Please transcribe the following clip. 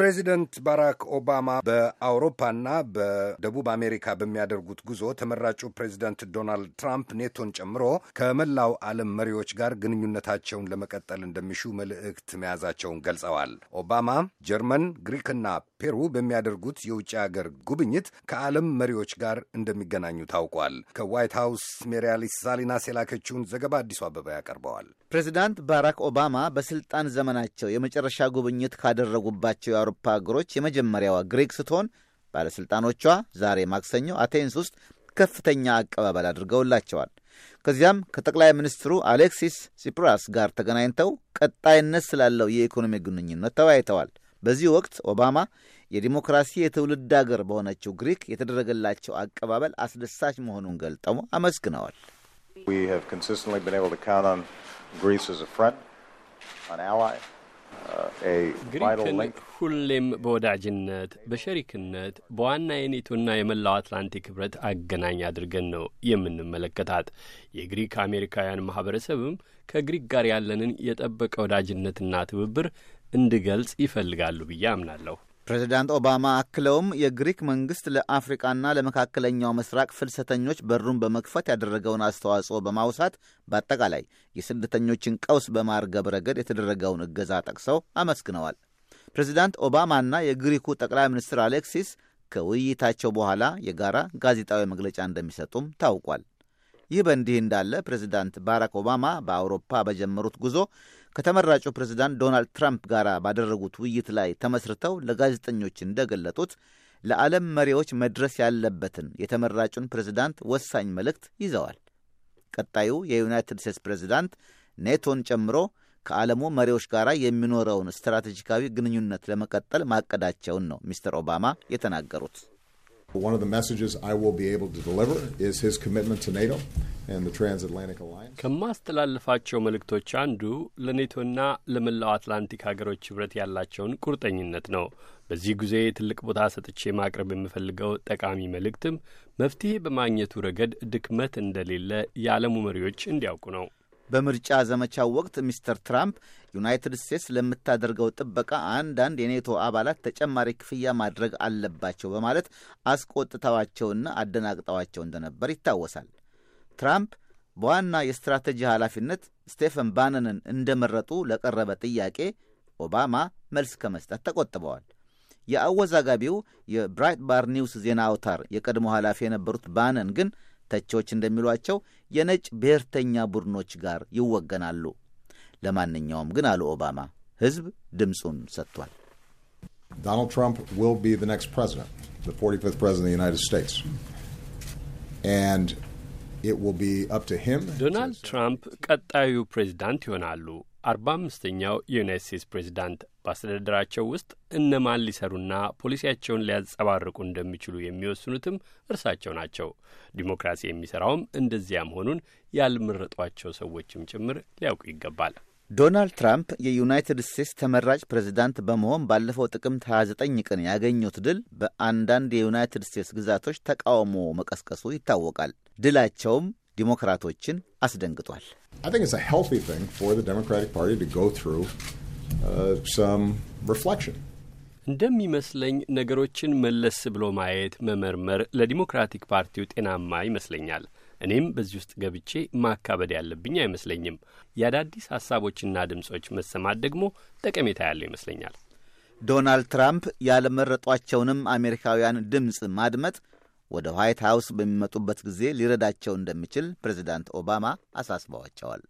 ፕሬዚደንት ባራክ ኦባማ በአውሮፓና በደቡብ አሜሪካ በሚያደርጉት ጉዞ ተመራጩ ፕሬዚደንት ዶናልድ ትራምፕ ኔቶን ጨምሮ ከመላው ዓለም መሪዎች ጋር ግንኙነታቸውን ለመቀጠል እንደሚሹ መልእክት መያዛቸውን ገልጸዋል። ኦባማ ጀርመን፣ ግሪክና ፔሩ በሚያደርጉት የውጭ ሀገር ጉብኝት ከዓለም መሪዎች ጋር እንደሚገናኙ ታውቋል። ከዋይት ሀውስ ሜሪያሊስ ሳሊናስ የላከችውን ዘገባ አዲሱ አበባ ያቀርበዋል። ፕሬዚዳንት ባራክ ኦባማ በስልጣን ዘመናቸው የመጨረሻ ጉብኝት ካደረጉባቸው የአውሮፓ አገሮች የመጀመሪያዋ ግሪክ ስትሆን ባለሥልጣኖቿ ዛሬ ማክሰኞ አቴንስ ውስጥ ከፍተኛ አቀባበል አድርገውላቸዋል። ከዚያም ከጠቅላይ ሚኒስትሩ አሌክሲስ ሲፕራስ ጋር ተገናኝተው ቀጣይነት ስላለው የኢኮኖሚ ግንኙነት ተወያይተዋል። በዚህ ወቅት ኦባማ የዲሞክራሲ የትውልድ አገር በሆነችው ግሪክ የተደረገላቸው አቀባበል አስደሳች መሆኑን ገልጠው አመስግነዋል። We have consistently been able to count on Greece as a friend, an ally. ሁሌም በወዳጅነት በሸሪክነት በዋና የኔቶና የመላው አትላንቲክ ህብረት አገናኝ አድርገን ነው የምንመለከታት። የግሪክ አሜሪካውያን ማህበረሰብም ከግሪክ ጋር ያለንን የጠበቀ ወዳጅነትና ትብብር እንድገልጽ ይፈልጋሉ ብዬ አምናለሁ። ፕሬዚዳንት ኦባማ አክለውም የግሪክ መንግሥት ለአፍሪቃና ለመካከለኛው ምስራቅ ፍልሰተኞች በሩን በመክፈት ያደረገውን አስተዋጽኦ በማውሳት በአጠቃላይ የስደተኞችን ቀውስ በማርገብ ረገድ የተደረገውን እገዛ ጠቅሰው አመስግነዋል። ፕሬዚዳንት ኦባማና የግሪኩ ጠቅላይ ሚኒስትር አሌክሲስ ከውይይታቸው በኋላ የጋራ ጋዜጣዊ መግለጫ እንደሚሰጡም ታውቋል። ይህ በእንዲህ እንዳለ ፕሬዚዳንት ባራክ ኦባማ በአውሮፓ በጀመሩት ጉዞ ከተመራጩ ፕሬዚዳንት ዶናልድ ትራምፕ ጋር ባደረጉት ውይይት ላይ ተመስርተው ለጋዜጠኞች እንደገለጡት ለዓለም መሪዎች መድረስ ያለበትን የተመራጩን ፕሬዚዳንት ወሳኝ መልእክት ይዘዋል። ቀጣዩ የዩናይትድ ስቴትስ ፕሬዚዳንት ኔቶን ጨምሮ ከዓለሙ መሪዎች ጋር የሚኖረውን ስትራቴጂካዊ ግንኙነት ለመቀጠል ማቀዳቸውን ነው ሚስተር ኦባማ የተናገሩት። One of the messages I will be able to deliver is his commitment to NATO and the transatlantic alliance. ከማስተላልፋቸው መልእክቶች አንዱ ለኔቶና ለመላው አትላንቲክ ሀገሮች ህብረት ያላቸውን ቁርጠኝነት ነው። በዚህ ጊዜ ትልቅ ቦታ ሰጥቼ ማቅረብ የምፈልገው ጠቃሚ መልእክትም መፍትሄ በማግኘቱ ረገድ ድክመት እንደሌለ የዓለሙ መሪዎች እንዲያውቁ ነው። በምርጫ ዘመቻው ወቅት ሚስተር ትራምፕ ዩናይትድ ስቴትስ ለምታደርገው ጥበቃ አንዳንድ የኔቶ አባላት ተጨማሪ ክፍያ ማድረግ አለባቸው በማለት አስቆጥተዋቸውና አደናግጠዋቸው እንደነበር ይታወሳል። ትራምፕ በዋና የስትራቴጂ ኃላፊነት ስቴፈን ባነንን እንደመረጡ ለቀረበ ጥያቄ ኦባማ መልስ ከመስጠት ተቆጥበዋል። የአወዛጋቢው ባር ኒውስ ዜና አውታር የቀድሞ ኃላፊ የነበሩት ባነን ግን ተቾች እንደሚሏቸው የነጭ ብሔርተኛ ቡድኖች ጋር ይወገናሉ። ለማንኛውም ግን አሉ ኦባማ፣ ህዝብ ድምፁን ሰጥቷል። ዶናልድ ትራምፕ ዊል ቢ ዘ ኔክስት ፕሬዚደንት ዘ 45th ፕሬዚደንት ዩናይትድ ስቴትስ ኤንድ States. And it will be up ዶናልድ ትራምፕ ቀጣዩ ፕሬዚዳንት ይሆናሉ፣ አርባ አምስተኛው የዩናይት ስቴትስ ፕሬዚዳንት በአስተዳደራቸው ውስጥ እነማን ሊሰሩና ፖሊሲያቸውን ሊያንጸባርቁ እንደሚችሉ የሚወስኑትም እርሳቸው ናቸው። ዲሞክራሲ የሚሠራውም እንደዚያ መሆኑን ያልመረጧቸው ሰዎችም ጭምር ሊያውቁ ይገባል። ዶናልድ ትራምፕ የዩናይትድ ስቴትስ ተመራጭ ፕሬዚዳንት በመሆን ባለፈው ጥቅምት 29 ቀን ያገኙት ድል በአንዳንድ የዩናይትድ ስቴትስ ግዛቶች ተቃውሞ መቀስቀሱ ይታወቃል። ድላቸውም ዲሞክራቶችን አስደንግጧል። Uh, እንደሚመስለኝ ነገሮችን መለስ ብሎ ማየት መመርመር ለዲሞክራቲክ ፓርቲው ጤናማ ይመስለኛል። እኔም በዚህ ውስጥ ገብቼ ማካበድ ያለብኝ አይመስለኝም። የአዳዲስ ሀሳቦችና ድምጾች መሰማት ደግሞ ጠቀሜታ ያለው ይመስለኛል። ዶናልድ ትራምፕ ያልመረጧቸውንም አሜሪካውያን ድምፅ ማድመጥ ወደ ዋይት ሀውስ በሚመጡበት ጊዜ ሊረዳቸው እንደሚችል ፕሬዚዳንት ኦባማ አሳስበዋቸዋል።